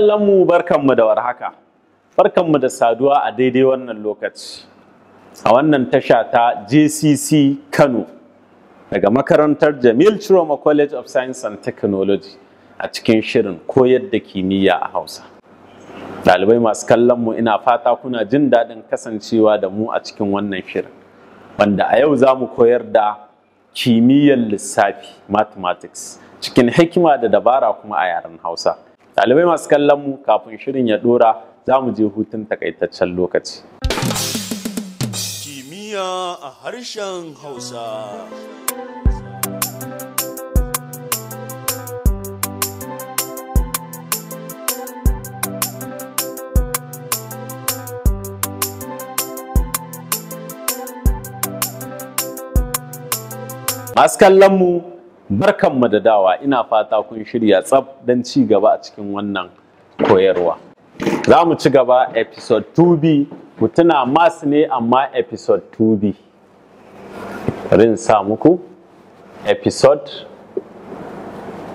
kallon mu barkanmu da warhaka barkanmu da saduwa a daidai wannan lokaci a wannan tasha ta JCC Kano daga makarantar Jamil Chiroma College of Science and Technology a cikin shirin koyar da kimiyya a Hausa ɗalibai masu kallon mu ina fata kuna jin daɗin kasancewa da mu a cikin wannan shirin wanda a yau za mu koyar da kimiyyar lissafi mathematics cikin hikima da dabara kuma a yaren Hausa Ɗalibai masu kallon mu kafin shirin ya ɗora za mu je hutun takaitaccen lokaci. Kimiyya a harshen Hausa. Masu kallon mu barkan mu da dawa ina fata kun shirya tsaf don ci gaba a cikin wannan koyarwa. Za mu ci gaba episode 2B, mu tuna masu ne amma episode 2B. Rin sa muku episode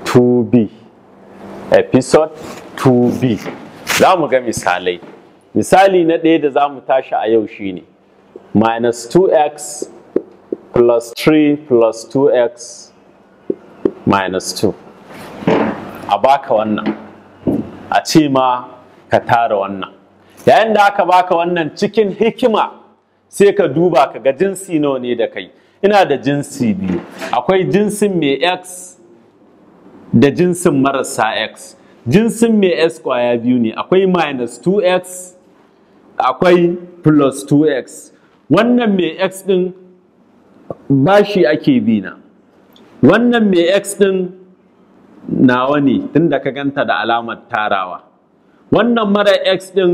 2B. Episode 2B. Za mu ga misalai. Misali na ɗaya da za mu tashi a yau shine minus 2x plus 3 plus 2x minus 2 a baka wannan a ce ma ka tara wannan yayin da aka baka wannan cikin hikima sai ka duba ka ga jinsi nawa ne da kai ina da jinsi biyu akwai jinsin mai x da jinsin marasa x jinsin mai s kwaya biyu ne akwai minus 2x akwai plus 2x wannan mai x din bashi ake bi na wannan mai x ɗin nawa ne tun da ka ganta da alamar tarawa wannan mara x ɗin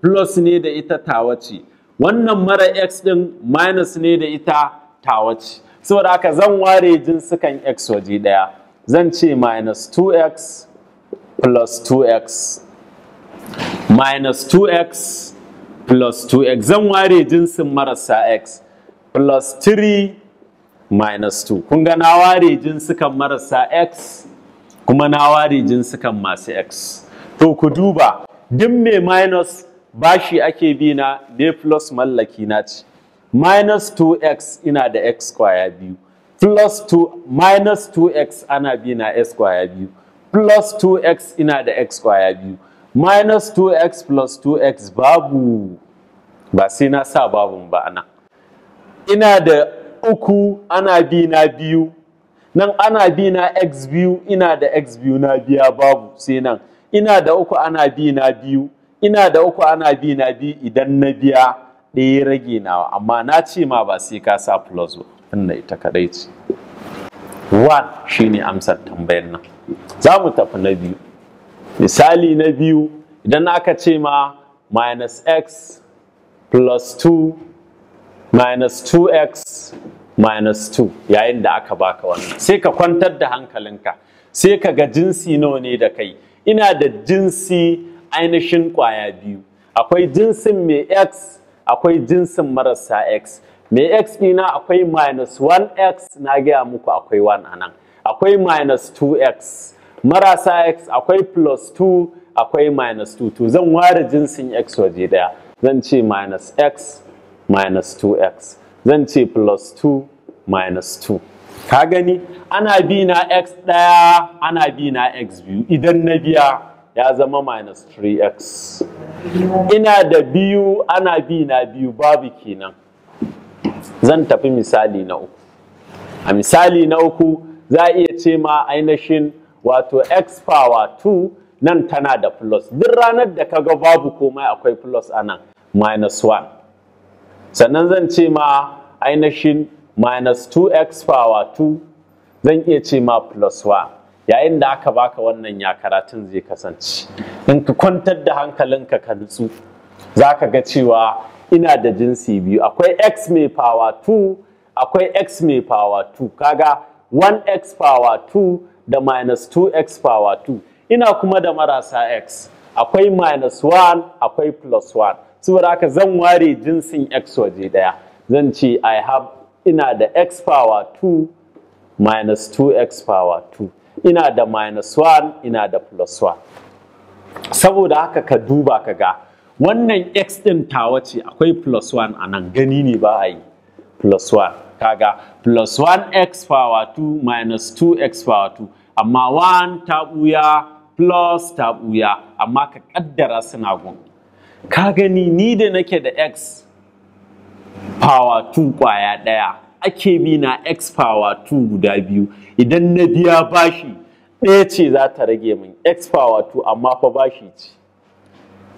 plus ne da ita tawa ce wannan mara x ɗin minus ne da ita tawa ce saboda haka zan ware jinsukan x waje ɗaya zan ce minus 2x plus 2x minus 2x plus 2x zan ware jinsin marasa x plus 3 minus 2 kun ga na ware jinsukan marasa x kuma na ware jinsukan masu x to ku duba duk mai minus bashi ake bi na ne plus mallaki na ce minus 2x ina da x kwaya biyu plus 2 minus 2x ana bi na s kwaya biyu plus 2x ina da x kwaya biyu minus 2x plus 2x babu ba sai na sa babun ba ana ina da uku ana bi na biyu nan ana bi na x biyu ina da x biyu na biya babu sai nan ina da uku ana bi na biyu ina da uku ana bi na biyu idan na biya ɗaya rage nawa amma na ce ma ba sai ka sa plus ba ita kadai ce one shine amsar tambayar nan za mu tafi na biyu misali na biyu idan aka ce ma minus x plus 2 minus 2x minus 2 yayin da aka baka wannan sai ka kwantar da hankalinka sai ka ga jinsi nawa ne da kai ina da jinsi ainihin kwaya biyu akwai jinsin mai x akwai jinsin marasa x mai x ɗina akwai minus 1x na gaya muku akwai 1 anan. akwai minus 2x marasa x akwai plus 2 akwai minus 2 to zan ware jinsin x waje daya zan ce minus x minus 2x zan ce plus 2 minus 2 ka gani ana bi na x ɗaya ana bi na x biyu idan na biya ya zama minus 3x ina da biyu ana bi na biyu babu kenan zan tafi misali na uku a misali na uku za a iya ce ma ainihin wato x power 2 nan tana da plus duk ranar da kaga babu komai akwai plus a nan minus 1 sannan zan ce ma ainihin minus 2x power 2 zan iya ce ma plus 1 yayin da aka baka wannan ya karatun zai kasance in ka kwantar da hankalinka ka nutsu za ka ga cewa ina da jinsi biyu akwai x mai power 2 akwai x mai power 2 kaga 1x power 2 da minus 2x power 2 ina kuma da marasa x akwai minus 1 akwai plus 1 saboda haka zan ware jinsin x waje daya zan ce i have ina da x power 2 minus 2x power 2 ina da minus 1 ina da plus 1 saboda haka ka duba ka ga wannan x din tawa ce akwai plus 1 a nan gani ne ba a yi plus 1 kaga plus 1x power 2 minus 2x power 2 amma 1 ta buya plus ta buya amma ka kaddara suna gun ka gani ni da nake da x power 2 kwaya ɗaya ake bi na x power 2 guda biyu idan na biya bashi ɗaya ce za ta rage min x power 2 amma fa bashi ce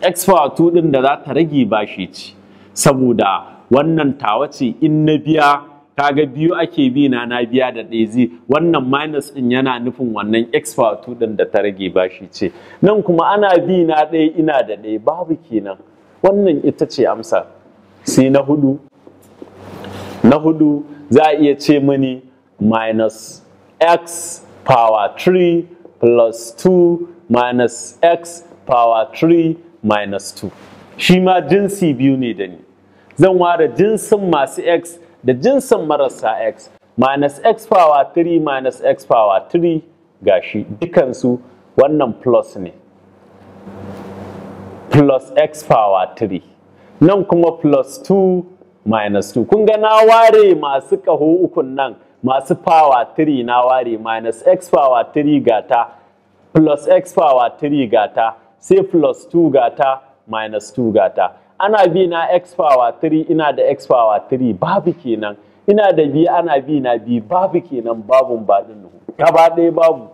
x power 2 ɗin da za ta rage bashi ce saboda wannan tawa ce in na biya kaga biyu ake bi na na biya da ɗaya zai wannan minus ɗin yana nufin wannan x factor ɗin da ta rage bashi ce nan kuma ana bi na ɗaya ina da ɗaya babu kenan wannan ita ce amsa sai na hudu na hudu za a iya ce mini minus x power 3 plus 2 minus x power 3 minus 2 shi ma jinsi biyu ne da ni zan ware jinsin masu x da jinsin marasa x minus x power 3 minus x power 3 gashi dukansu wannan plus ne plus x power 3 nan kuma plus 2 minus 2 kun ga na ware masu ƙaho ukun nan masu power 3 na ware minus x power 3 gata plus x power 3 gata sai plus 2 gata minus 2 gata ana bi na x power 3 ina da x power 3 babu kenan ina da bi ana bi na bi babu kenan babu ba din gaba ɗaya babu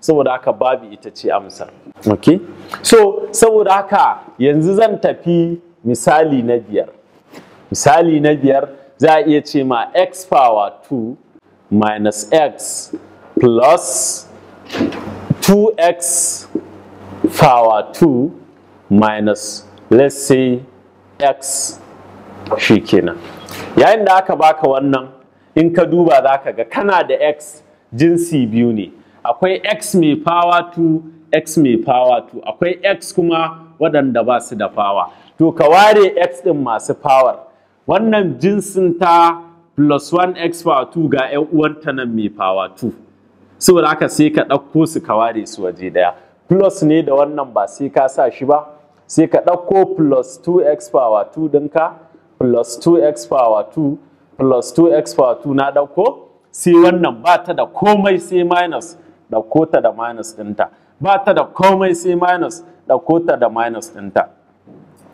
saboda haka babu ita ce amsar okay so saboda haka yanzu zan tafi misali na biyar misali na biyar za a iya ce ma x power 2 minus x plus 2x power 2 minus let's say x shi kenan yayin da aka baka wannan in ka duba za ka ga kana da x jinsi biyu ne akwai x mai power 2 x mai power 2 akwai x kuma waɗanda ba su da power to ka ware x ɗin masu power wannan jinsin ta plus 1x power 2 ga 'yan uwanta nan mai power 2 saboda aka sai ka ɗauko su ka ware su waje ɗaya plus ne da wannan ba sai ka sa shi ba sai ka ɗauko plus 2x power 2 ɗinka plus 2x power 2 plus 2x power 2 na ɗauko sai wannan ba ta da komai sai minus ɗauko ta da minus ɗinta ba ta da komai sai minus ɗauko ta da minus ɗinta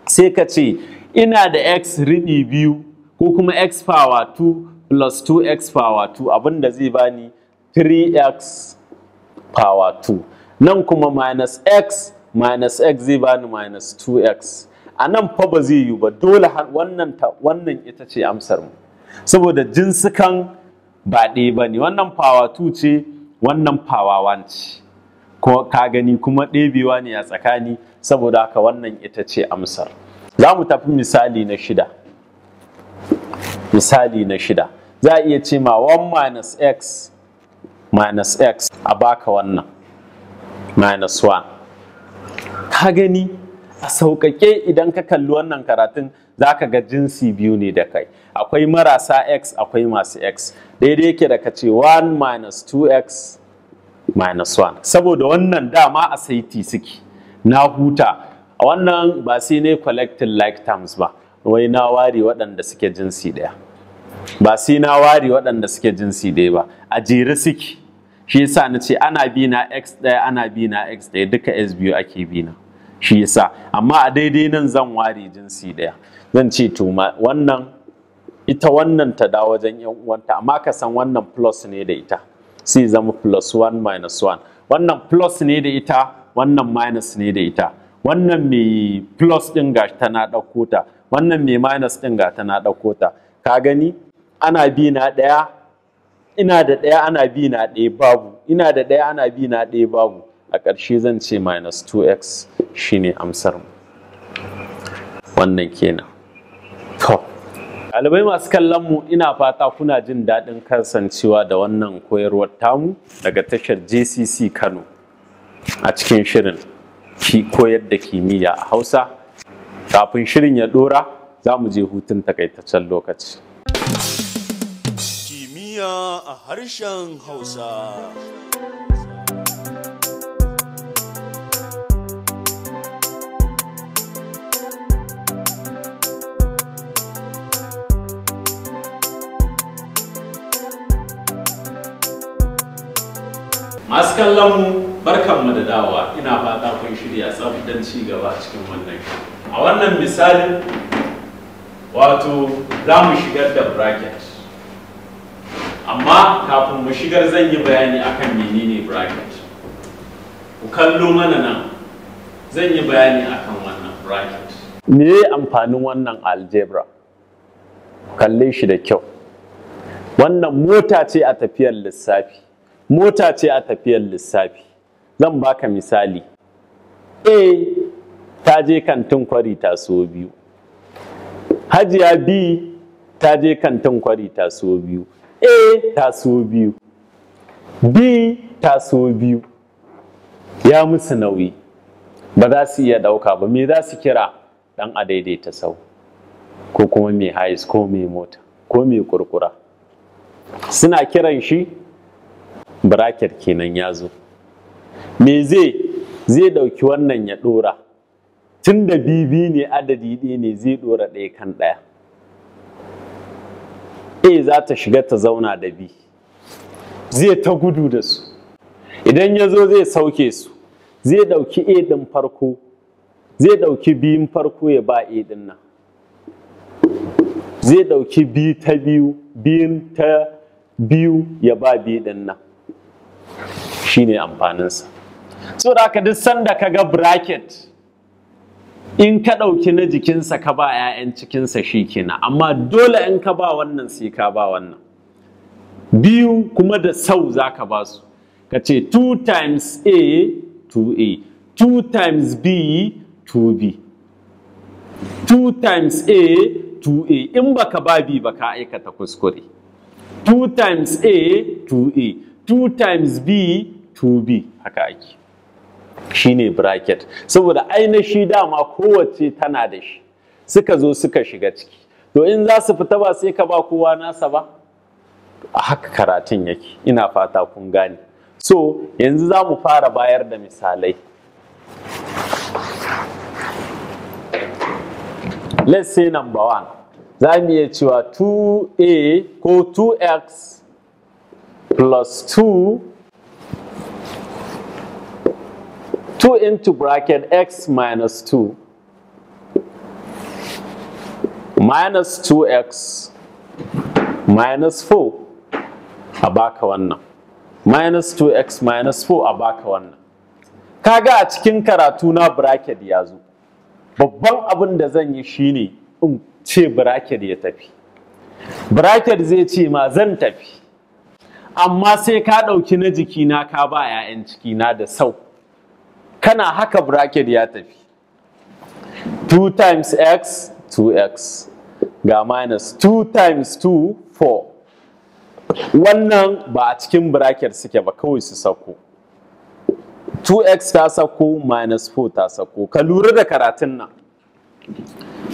sai ka ce ina da x riɗi biyu ko kuma x power 2 plus 2x power 2 abin da zai bani 3x power 2 nan kuma minus x minus x zai bani minus 2x a nan fa ba zai yi ba dole wannan ita ce amsar mu saboda jinsukan ba ɗaya ba ne wannan power 2 ce wannan power 1 ce ka gani kuma ɗebewa ne a tsakani saboda haka wannan ita ce amsar za mu tafi misali na shida misali na shida za a iya ce ma 1 minus x minus x a baka wannan minus 1 ka gani a sauƙaƙe idan ka kalli wannan karatun za ka ga jinsi biyu ne da kai akwai marasa x akwai masu x daidai yake da ka ce 1 2x 1 saboda wannan dama a saiti suke na huta a wannan ba sai ne collecting like terms ba wai na ware waɗanda suke jinsi ɗaya ba sai na ware waɗanda suke jinsi ɗaya ba a jere suke shi yasa na ce ana bi na x ɗaya ana bi na x ɗaya duka s biyu ake bi na shi yasa amma a daidai nan zan ware jinsi ɗaya zan ce to wannan ita wannan ta da wajen yan uwanta amma ka san wannan plus ne da ita sai zama plus 1 minus 1 wannan plus ne da ita wannan minus ne da ita wannan mai plus ɗin ga ta na ɗauko ta wannan mai minus ɗin ga ta na ɗauko ta ka gani ana bi na ɗaya ina da ɗaya ana bi na ɗaya babu ina da ɗaya ana bi na ɗaya babu a ƙarshe zan ce minus 2x shine amsar mu wannan kenan to ɗalibai masu kallon mu ina fata kuna jin daɗin kasancewa da wannan koyarwar tamu daga tashar JCC Kano a cikin shirin ki koyar da kimiyya a Hausa kafin shirin ya ɗora za mu je hutun takaitaccen lokaci duniya a harshen Hausa. Masu kallonmu barkanmu da dawa ina fata kun shirya tsaftan ci gaba cikin wannan. A wannan misalin wato za mu shigar da bracket. amma kafin mu shigar zan yi bayani akan menene bracket ku kallo mana nan zan yi bayani akan wannan bracket me amfanin wannan algebra kalle shi da kyau wannan mota ce a tafiyar lissafi mota ce a tafiyar lissafi zan baka misali a ta je kantin kwari ta so biyu hajiya b ta je kantin kwari ta so biyu a taso biyu b so biyu ya musu nauyi ba za su iya ɗauka ba me za su kira ɗan a daidaita sau ko kuma mai hais ko mai mota ko mai kurkura suna kiran shi bracket kenan ya zo me zai zai ɗauki wannan ya ɗora tun da bibi ne adadi ɗaya ne zai ɗora ɗaya kan ɗaya a za ta shiga ta zauna da b zai ta gudu da su idan ya zo zai sauke su zai ɗauki a ɗin farko zai ɗauki biyun farko ya ba a ɗin nan zai ɗauki B ta biyu biyun ta biyu ya ba B ɗin nan shine amfaninsa sa. haka duk sanda ka ga bracket in ka ɗauki na jikinsa ka ba 'ya'yan cikinsa shi kenan amma dole in ka ba wannan sai ka ba wannan biyu kuma da sau za ka ba su ka ce 2 times a 2a 2 times b 2b 2 times a 2a in baka ba b ba ka aikata kuskure 2 times a 2a 2 times b 2b haka ake shine bracket saboda ainihi dama kowace tana da shi suka zo suka shiga ciki to in za su fita ba sai ka ba kowa nasa ba a haka karatun yake ina fata kun gane so yanzu za mu fara bayar da misalai let's say number one za mu iya cewa 2a ko 2x plus 2 2 into bracket x minus 2 minus 2x minus 4 a baka wannan minus 2x minus 4 a baka wannan kaga a cikin karatu na bracket ya zo babban abin da zan yi shi ne in ce bracket ya tafi bracket zai ce ma zan tafi amma sai ka ɗauki na jikina ka ba 'ya'yan cikina da sau kana haka bracket ya tafi 2 times x 2x ga minus 2 times 2 4 wannan ba a cikin bracket suke ba kawai su sako 2x ta sako minus 4 ta sako ka lura da karatun nan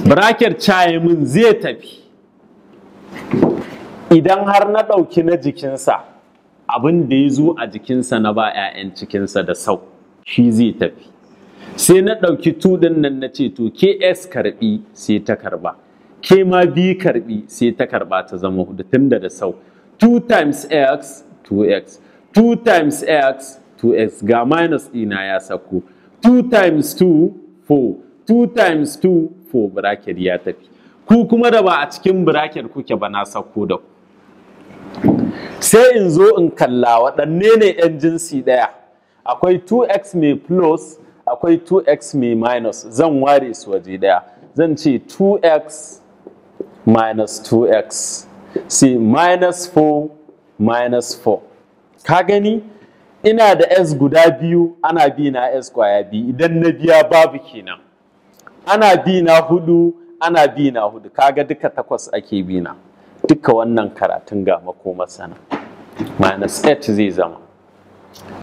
bracket min zai tafi idan har na ɗauki na jikinsa abin da ya zo a jikinsa na ba 'ya'yan cikinsa da sau shi zai tafi sai na ɗauki tudin nan na ce to ks karbi sai ta karba k ma b karbi sai ta karba ta zama hudu tun da da sau 2 times x 2x 2 times x 2x ga minus ɗina ya sako 2 times 2 4 2 times 2 4 bracket ya tafi ku kuma da ba a cikin bracket kuke ba na sako da ku sai in zo in kalla waɗanne ne 'yan jinsi ɗaya akwai 2x mai plus akwai 2x mai minus zan ware su waje daya zan ce 2x minus 2x sai minus 4 minus 4 ka gani ina da s guda biyu ana bi na s kwaya biyu idan na biya babu kenan ana bi na hudu ana bi na hudu kaga duka takwas ake bi na duka wannan karatun ga makoma sana. minus 8 zai zama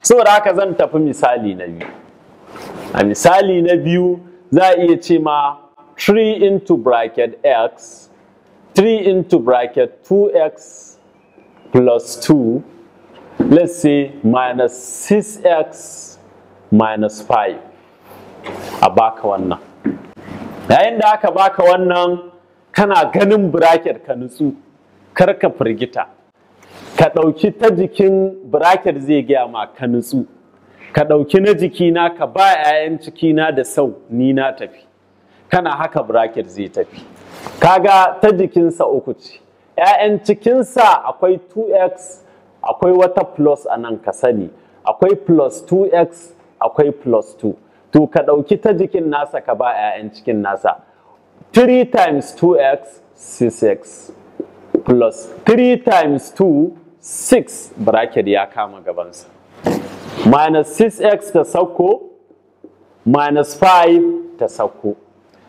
saboda haka zan tafi misali na biyu a misali na biyu za a iya ce ma 3 into bracket x 3 into bracket 2x plus 2 let's say minus 6x minus 5 a baka wannan yayin da aka baka wannan kana ganin bracket ka nutsu kar ka firgita ka ɗauki ta jikin bracket zai gaya ma ka nutsu ka ɗauki na jikina ka ba 'ya'yan cikina da sau ni na tafi kana haka bracket zai tafi kaga ta jikinsa uku ce 'ya'yan cikinsa akwai 2x akwai wata plus a nan ka sani akwai plus 2x akwai plus 2 to ka ɗauki ta jikin nasa ka ba 'ya'yan cikin nasa 3 times 2x 6x plus 3 times 2 6 bracket ya kama gabansa minus 6x ta sauko minus 5 ta sauko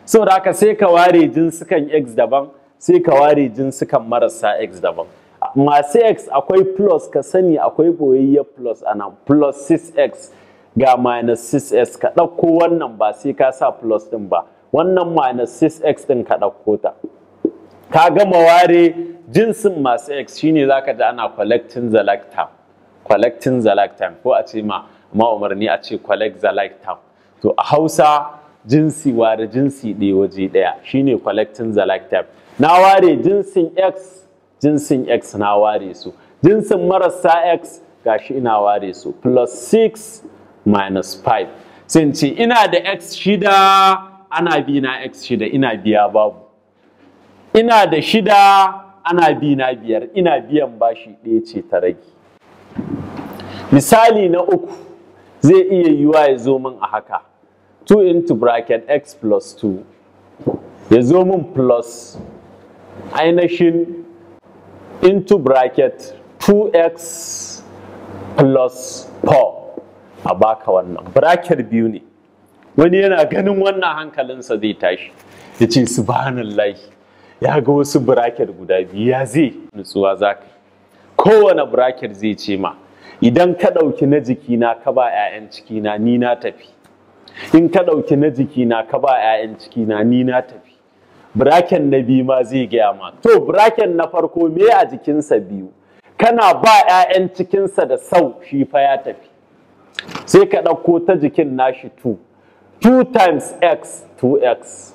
so da sai ka ware jinsukan x daban sai ka ware jinsukan marasa x daban masu x akwai plus ka sani akwai boyayya plus ana plus 6x ga minus 6x ka ɗauko wannan ba sai ka sa plus ɗin ba wannan minus 6x ɗin ka ɗauko ta ka gama ware jinsin masu x shine ka ji ana collecting zalactam collecting zalactam ko a ce ma ma'umarni a ce collect zalactam to a hausa jinsi ware jinsi ɗaya waje ɗaya shine collecting zalactam na ware jinsin x jinsin x na ware su jinsin marasa x gashi ina ware su plus 6 minus 5 Sun ce ina da x shida ana bi na x shida ina biya babu ina da shida ana bi na biyar ina biyan bashi ɗaya ce ta rage misali na uku zai iya yiwa ya zo min a haka 2 into bracket x plus 2 ya zo min plus ainihin into bracket 2x plus 4 a baka wannan bracket biyu ne wani yana ganin wannan hankalinsa zai tashi ya ce subhanallah ya ga wasu bracket guda biyu ya zai nutsuwa za ka kowane bracket zai ce ma idan ka ɗauki na jikina ka ba 'ya'yan cikina ni na tafi in ka ɗauki na jikina ka ba 'ya'yan cikina ni na tafi Biraken na biyu ma zai gaya ma to biraken na farko me a jikinsa biyu kana ba 'ya'yan cikinsa da sau shi fa ya tafi sai ka ɗauko ta jikin nashi 2 2 times x 2x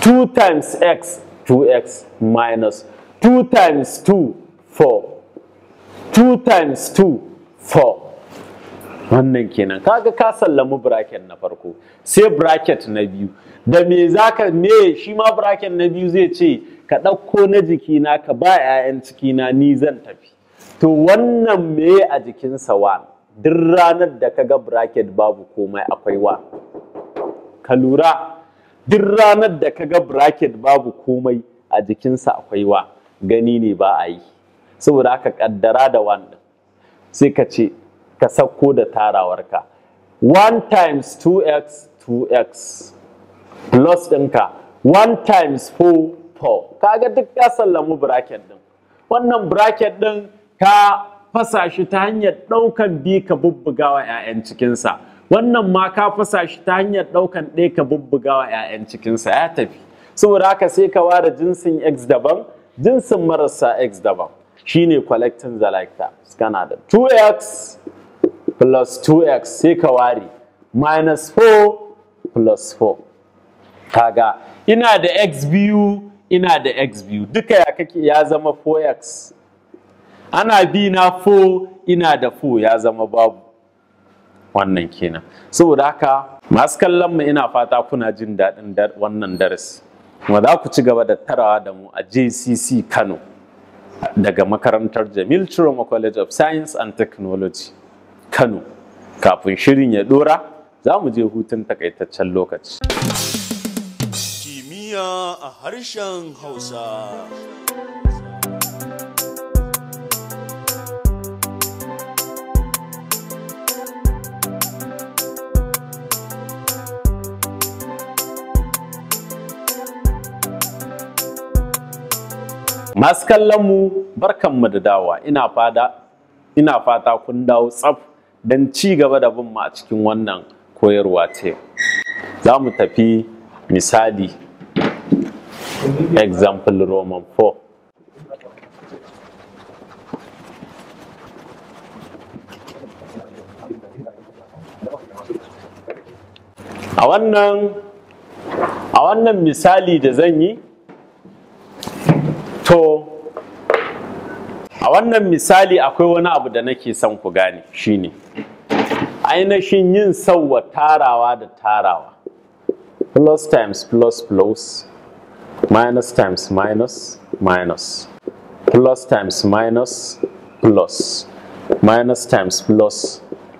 2 times x 2x minus 2 times 2 4 2 times 2 4 wannan kenan kaga ka sallamu bracket na farko sai bracket na biyu da me zaka me shi ma bracket na biyu zai ce ka ɗauko na jikina ka ba 'ya'yan cikina ni zan tafi to wannan me a jikinsa wa duk ranar da kaga bracket babu komai akwai wa ka lura duk ranar da kaga bracket babu komai a jikinsa akwai wa gani ne ba a yi saboda aka kaddara da wannan sai ka ce ka sauko da tarawarka 1 times 2x 2x plus ɗinka 1 times 4 4 kaga duk ka sallamu bracket din wannan bracket din ka fasa shi ta hanyar ɗaukan bi ka bubbugawa 'ya'yan cikinsa wannan ma ka fasa shi ta hanyar ɗaukan ɗaya ka bubbuga wa 'ya'yan cikinsa ya tafi saboda haka sai ka ware jinsin x daban jinsin marasa x daban shine collecting the like terms kana da 2x plus 2x sai ka ware minus 4 plus 4 kaga ina da x biyu ina da x biyu duka ya kake ya zama 4x ana bi na 4 ina da 4 ya zama babu wannan kenan saboda haka masu kallon mu ina fata kuna jin daɗin wannan darasi kuma za ku ci gaba da tarawa da mu a JCC Kano daga makarantar Jamil Chiroma College of Science and Technology Kano kafin shirin ya dora za mu je hutun takaitaccen lokaci kimiyya a harshen Hausa masu kallon mu barkan mu da dawa ina fada ina fata kun dawo tsaf don ci gaba da bin mu a cikin wannan koyarwa ce za mu tafi misali example roman 4 a wannan misali da zan yi to a wannan misali akwai wani abu da nake son ku gane shine ainihin yin sauwa tarawa da tarawa plus times plus plus minus times minus minus plus times minus plus minus times plus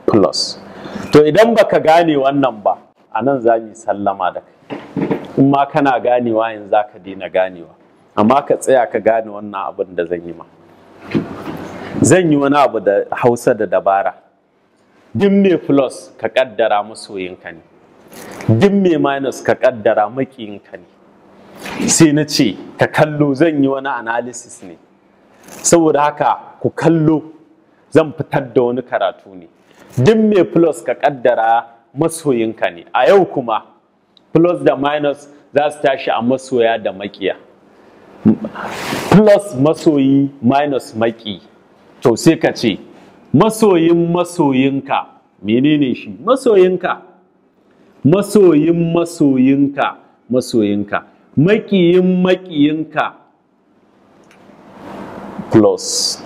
plus to idan baka gane wannan ba a nan za mu sallama da kai in ma kana ganewa yanzu za ka daina ganewa amma ka tsaya ka gane wannan abin da zan yi ma zan yi wani abu da hausa da dabara duk mai plus ka kaddara masoyinka ne duk mai minus ka kaddara makiyinka ne sai na ce ka kallo zan yi wani analysis ne saboda haka ku kallo zan fitar da wani karatu ne duk mai plus ka kaddara masoyinka ne a yau kuma plus da minus za su tashi a masoya da makiya plus masoyi minus maki to sai ka ce masoyin masoyinka menene shi masoyinka masoyin masoyinka masoyinka makiyin makiyinka plus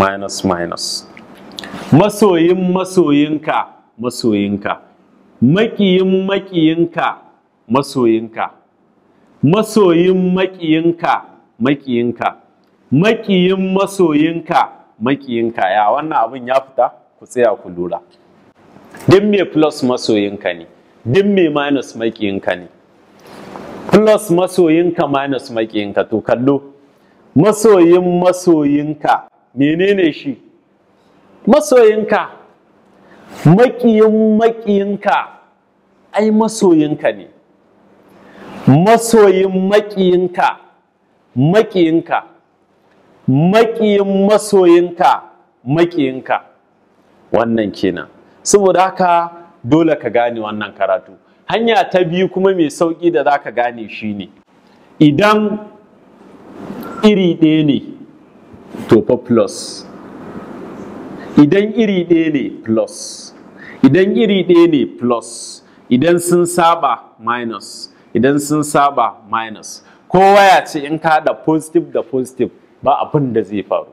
minus minus masoyin masoyinka masoyinka makiyin makiyinka masoyinka masoyin maƙiyinka maƙiyinka maƙiyin masoyinka maƙiyinka ya wannan abin ya fita ku tsaya ku lura Din me plus masoyinka ne din me minus maƙiyinka ne plus masoyinka minus maƙiyinka to kallo masoyin masoyinka menene shi masoyinka maƙiyin maƙiyinka ai masoyinka ne masoyin maƙiyinka maƙiyinka maƙiyin masoyinka maƙiyinka wannan kenan saboda haka dole ka gane wannan karatu hanya ta biyu kuma mai sauki da za ka gane shi ne idan iri ɗaya ne to fa plus idan iri ɗaya ne plus idan iri ɗaya ne plus idan sun saba minus idan sun saba minus kowa ya ce in ka haɗa positive da positive ba abin da zai faru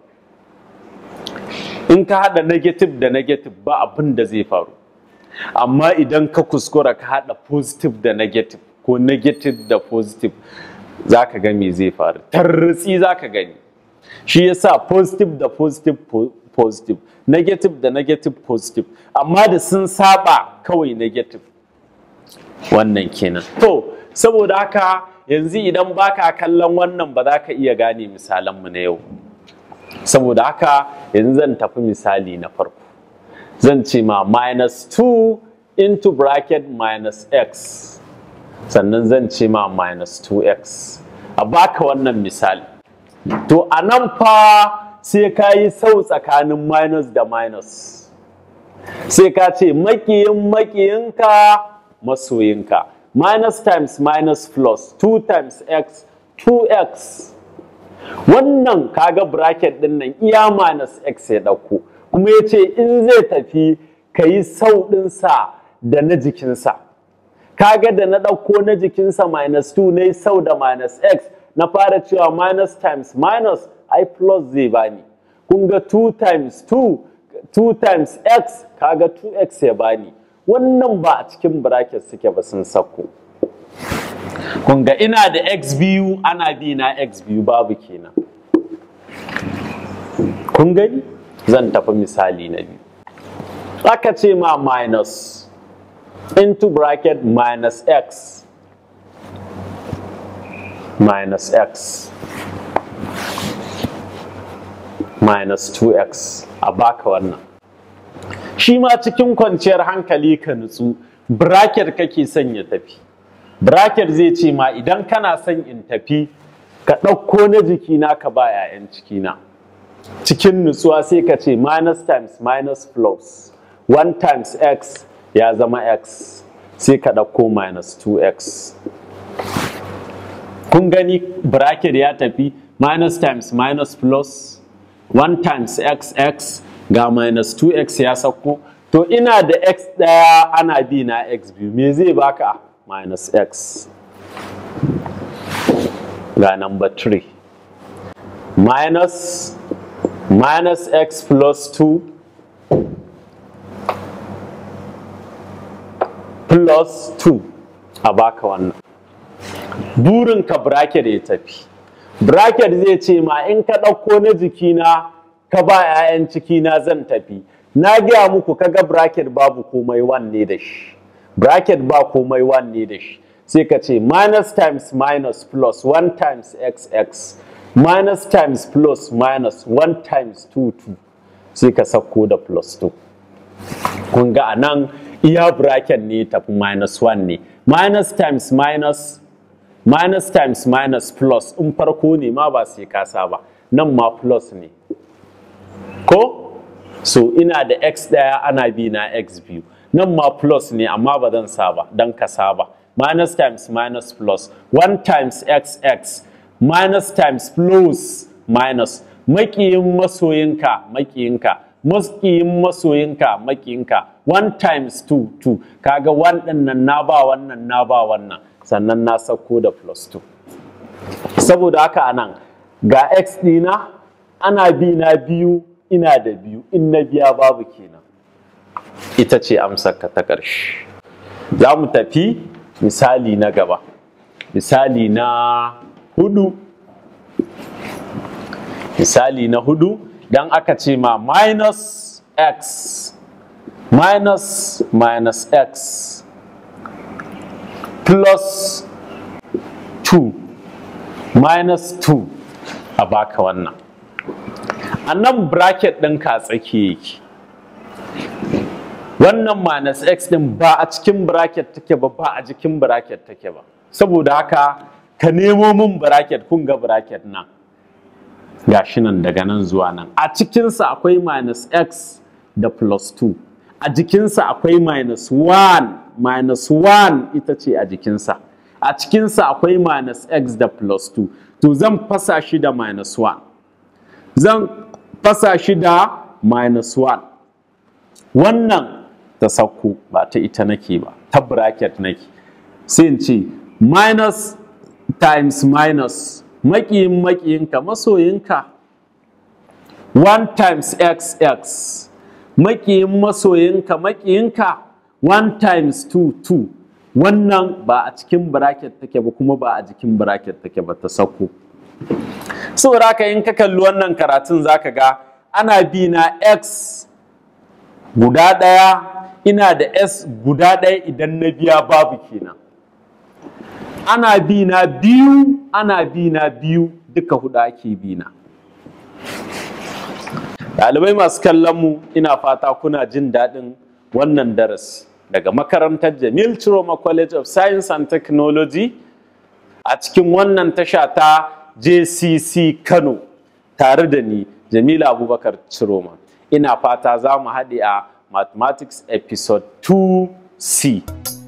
in ka haɗa negative da negative ba abin da zai faru amma idan ka kuskura ka haɗa positive da negative ko negative da positive za ka ga me zai faru tarritsi za ka gani shi yasa positive da positive positive negative da negative positive amma da sun saba kawai negative wannan kenan to saboda haka yanzu idan baka kallon wannan ba za ka iya gane misalan mu na yau saboda haka yanzu zan tafi misali na farko zan ce ma minus 2 into bracket minus x sannan zan ce ma minus 2x a baka wannan misali to a nan fa sai ka yi sau tsakanin minus da minus sai ka ce makiyin makiyinka masoyinka minus times minus plus 2 times x 2x wannan kaga bracket din nan iya minus x ya dauko kuma ya ce in zai tafi ka yi sau ɗinsa da na jikinsa kaga da na ɗauko na jikinsa minus 2 na yi sau da minus x na fara cewa minus times minus i plus zai bani kun ga 2 times 2 2 times x kaga 2x ya bani wannan ba a cikin bracket suke ba sun sako kun ga ina da x biyu ana bi na x biyu babu kenan kun gani zan tafi misali na biyu aka ce ma minus into bracket minus x minus x minus 2x a baka wannan shi ma cikin kwanciyar hankali ka nutsu bracket kake son ya tafi bracket zai ce ma idan kana son in tafi ka ɗauko na jikina ka ba 'ya'yan cikina cikin nutsuwa sai ka ce minus times minus plus 1 times x ya zama x sai ka ɗauko minus 2x kun gani bracket ya tafi minus times minus plus 1 times x x ga minus 2x ya sauko to ina da x ɗaya ana bi na x biyu me zai baka minus x ga number 3 minus minus x plus 2 plus 2 a baka wannan Burin ka bracket ya tafi bracket zai ce ma in ka ɗauko na jikina ta ba 'ya'yan ciki na zan tafi na gaya muku kaga bracket babu komai ne da shi bracket ba komai ne da shi sai ka ce minus times minus plus one times xx minus times plus minus one times two two, sai ka sako da plus two. kun ga a nan iya bracket ne tafi minus one ne minus times minus minus times minus plus in farko ne ma ba sai kasa ba, nan ma plus ne ko so ina da x daya ana bi na x biyu nan ma plus ne amma ba zan sa ba dan ka sa ba minus times minus plus 1 times x x minus times plus minus makiyin masoyinka makiyinka maskiyin masoyinka makiyinka 1 times 2 2 kaga 1 din nan na ba wannan na ba wannan sannan na sako da plus 2 saboda haka anan ga x dina ana bi na biyu ina da biyu in na biya babu kenan ita ce ka ta ƙarshe za mu tafi misali na gaba misali na hudu misali na hudu don aka ce ma minus x minus minus x plus 2 minus 2 a baka wannan a nan bracket ɗin ka tsake yake wannan minus x ɗin ba a cikin bracket take ba ba a jikin bracket take ba saboda haka ka nemo min bracket kun ga bracket nan shi nan daga nan zuwa nan a cikinsa akwai minus x da plus 2 a jikinsa akwai minus 1 minus 1 ita ce a jikinsa a cikinsa akwai minus x da plus 2 to zan fasa shi da minus 1 zan fasa shida, minus one. wannan ta sauko ba ta ita nake ba ta bracket nake sai in ce minus times minus maƙiyin maƙiyinka masoyinka one times x maƙiyin masoyinka maƙiyinka one times two, two. wannan ba a cikin bracket take ba kuma ba a jikin bracket take ba ta sako saboda haka in ka kalli wannan karatun zaka ga ana bi na x guda ɗaya ina da s guda ɗaya idan na biya babu kenan ana bi na biyu ana bi na biyu duka hudu ake bi na ɗalibai masu kallon mu ina fata kuna jin daɗin wannan daras daga makarantar jamil Chiroma college of science and technology a cikin wannan tasha ta jcc kano tare da ni jamila abubakar ciroma ina fata za mu haɗe a mathematics episode 2c